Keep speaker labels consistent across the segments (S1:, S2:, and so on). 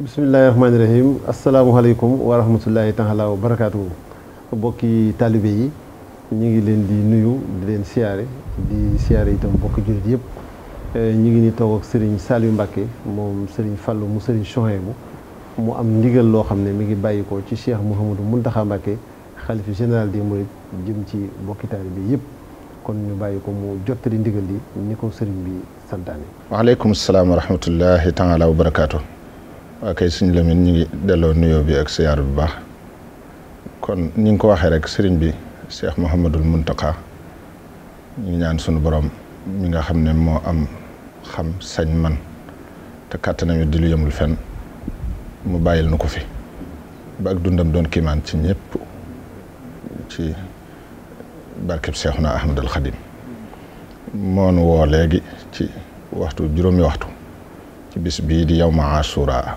S1: bisimilahi rahmaani rahim asalaamualeykum wa rahmatullahi taala wa barakaatu bokki taalibe yi ñu ngi leen di nuyu di leen siyaare di siyaare itam bokki jullit yëpp eh, ñu ngi ni toog ak sëriñ Saliou Mbacke moom sëriñ Fallou mu sëriñ Chouhaïbou mu am ndigal loo xam ne mi ngi bàyyi ko ci Cheikh Mouhamadou Mountakha Mbacke xalif général des Mourides jëm ci bokki taalibe yëpp kon ñu bàyyi ko mu jottali ndigal li ni ko sëriñ bi santaane.
S2: waaleykum salaam wa rahmatullahi taala wa waa kay sëñ Lamine ñu ngi delloo nuyoo bi ak siyaar bu baax kon ñi ngi ko waxee rek sëriñ bi Cheikh Mouhamadul Mountakha ñu ñaan sunu borom mi nga xam ne moo am xam sañ man te kàttanam it di lu yëmul fenn mu bàyyil nu ko fi ba ak dundam doon kiimaan ci ñëpp ci barkeb Seexuna Ahmadul Xadim moonu woo léegi ci waxtu juróomi waxtu ci bis bii di yow ma asura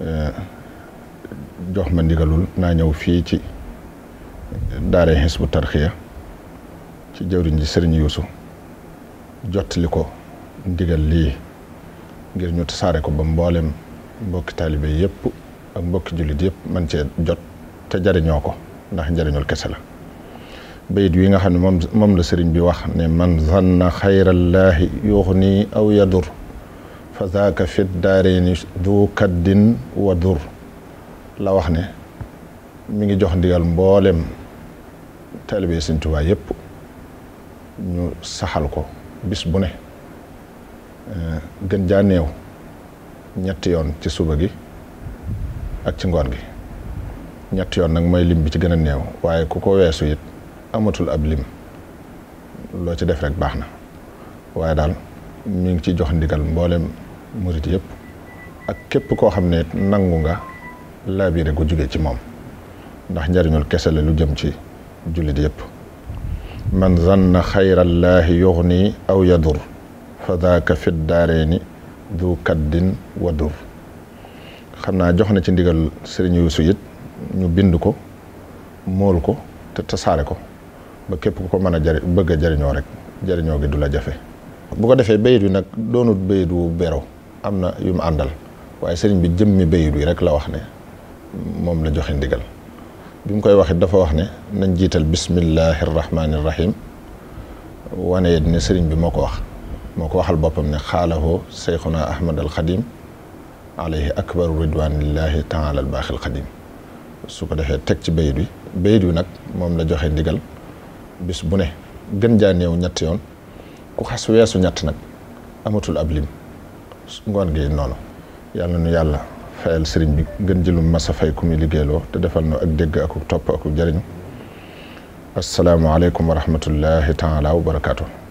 S2: eh, jox ma ndigalul naa ñëw fii ci daare Hizbut Tarqiyyah ci jëwriñ ji sëriñ Yuusu jottali ko ndigal lii ngir ñu saare ko ba mboolem mbokki taalibe yëpp ak mbokki jullit yëpp man cee jot te jariñoo ko ndax njariñul kese la bayit wi nga xam ne moom moom la sëriñ bi wax ne man zanna xayrallaahi yuxni aw yadur fa zaaka fit daarayni du kaddin wa dur la wax ne mu ngi jox ndigal mboolem taalibe Sëñ Tuubaa yépp ñu saxal ko bis bu ne eh, gën jaa néew ñetti yoon ci suba gi ak ci ngoon gi ñetti yoon nag mooy lim bi ci gën a néew waaye ku ko weesu it amatul ab lim loo ci def rek baax na waaye daal mi ngi ci jox ndigal mboolem murit yëpp ak képp koo xam ne nangu nga laabire gu jóge ci moom ndax njariñul kese la lu jëm ci jullit yëpp man zanna xayrallaahi yuxni aw yadur fa daaka fit daareeni du kaddin wa xam naa jox na ci ndigal sëriñ Yuusu it ñu bind ko mool ko te tasaare ko ba képp ku ko mën a jari bëgg a jariñoo rek jariñoo gi du la jafe bu ko defee bayit wi nag doonut bayit wu bero am na yu mu àndal waaye sëriñ bi jëmmi bayit rek la wax ne moom la joxe ndigal bi koy waxit dafa wax ne nañ jiital bismillahi rahmaani rahim wane it ne sëriñ bi moo ko wax moo ko waxal boppam ne xaalahoo seyxuna ahmad al xadim alayhi akbaru ridwanillahi taala al baaxil xadim su ko defee teg ci bayit wi bayit wi nag moom la joxe ndigal bis bu ne gën jaa néew ñett yoon ku xas weesu ñett nag amatul ab lim ngoon gi noonu yàlla nu yàlla fayal sëriñ bi gën jëlum masa fay ku muy liggéeyloo te defal nu ak dégg akuk topp akuk jëriñ asalaamaaleykum wa rahmatullahi taala
S1: wa